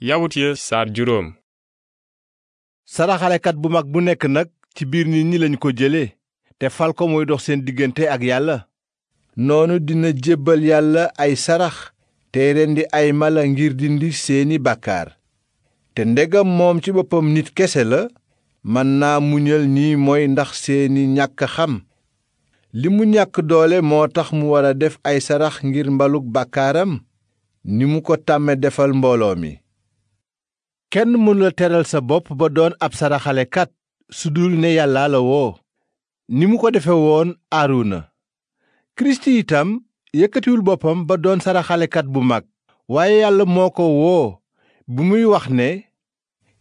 yawut ya saar saraxalekat bu mag bu nekk nag ci biir nit ñi lañu ko jële te fal ko muy dox seen diggante ak yàlla noonu dina jébbal yàlla ay sarax tey rendi ay mala ngir dindi seeni bàkkaar te ndegam moom ci boppam nit kese la mën naa muñal ñii mooy ndax seeni ñàkk xam li mu ñàkk doole moo tax mu wara def ay sarax ngir mbalug bàkkaaram ni mu ko tàmme defal mbooloo mi kenn mënula teral sa bopp ba doon ab saraxalekat su dul ne yàlla la woo ni mu ko defe woon aaruna kirist itam yëkkatiwul boppam ba doon saraxalekat bu mag waaye yàlla moo ko woo bu muy wax ne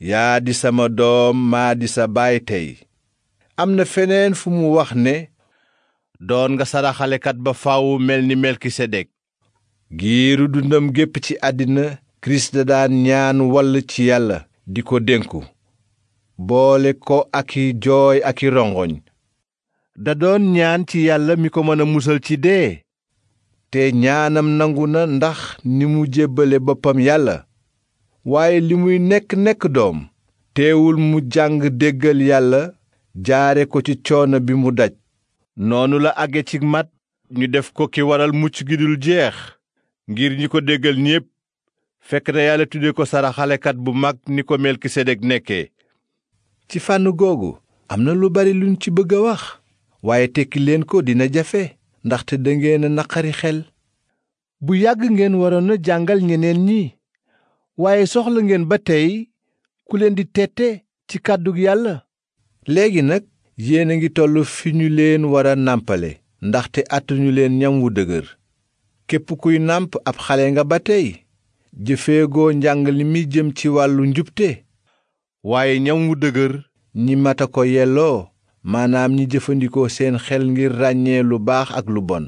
yaa di sama doom maa di sa baay tey am na feneen fu mu wax ne doon nga saraxalekat ba faaw mel ni melkisedek giiru dundam gépp ci àddina kirist da daan ñaan wall ci yàlla di ko dénku boole ko ak i jooy ak i rongoñ da doon ñaan ci yàlla mi ko mën a musal ci dee te ñaanam nangu na ndax ni mu jébbale boppam yàlla waaye li muy nekk-nekk doom teewul mu jàng déggal yàlla jaare ko ci coono bi mu daj noonu la àgge ci mat ñu def ko ki waral mucc gi dul jeex ngir ñi ko déggal ñépp fekk na yàlla tudde ko saraxalekat bu mag ni ko melkisedek nekke ci fànn googu am na lu bari luñ ci bëgg a wax waaye tekki leen ko dina jafe ndaxte dangeen a naqari xel bu yàgg ngeen waroon a jàngal ñeneen ñi waaye soxla ngeen ba tey ku leen di tette ci kàddug yàlla léegi nag yéen a ngi toll fi ñu leen war a nàmpale ndaxte àttuñu leen ñam wu dëgër képp kuy nàmp ab xale nga ba tey jëfeegoo njàng li mi jëm ci wàllu njubte waaye ñam wu dëgër ñi mat a ko yelloo maanaam ñi jëfandikoo seen xel ngir ràññee lu baax ak lu bon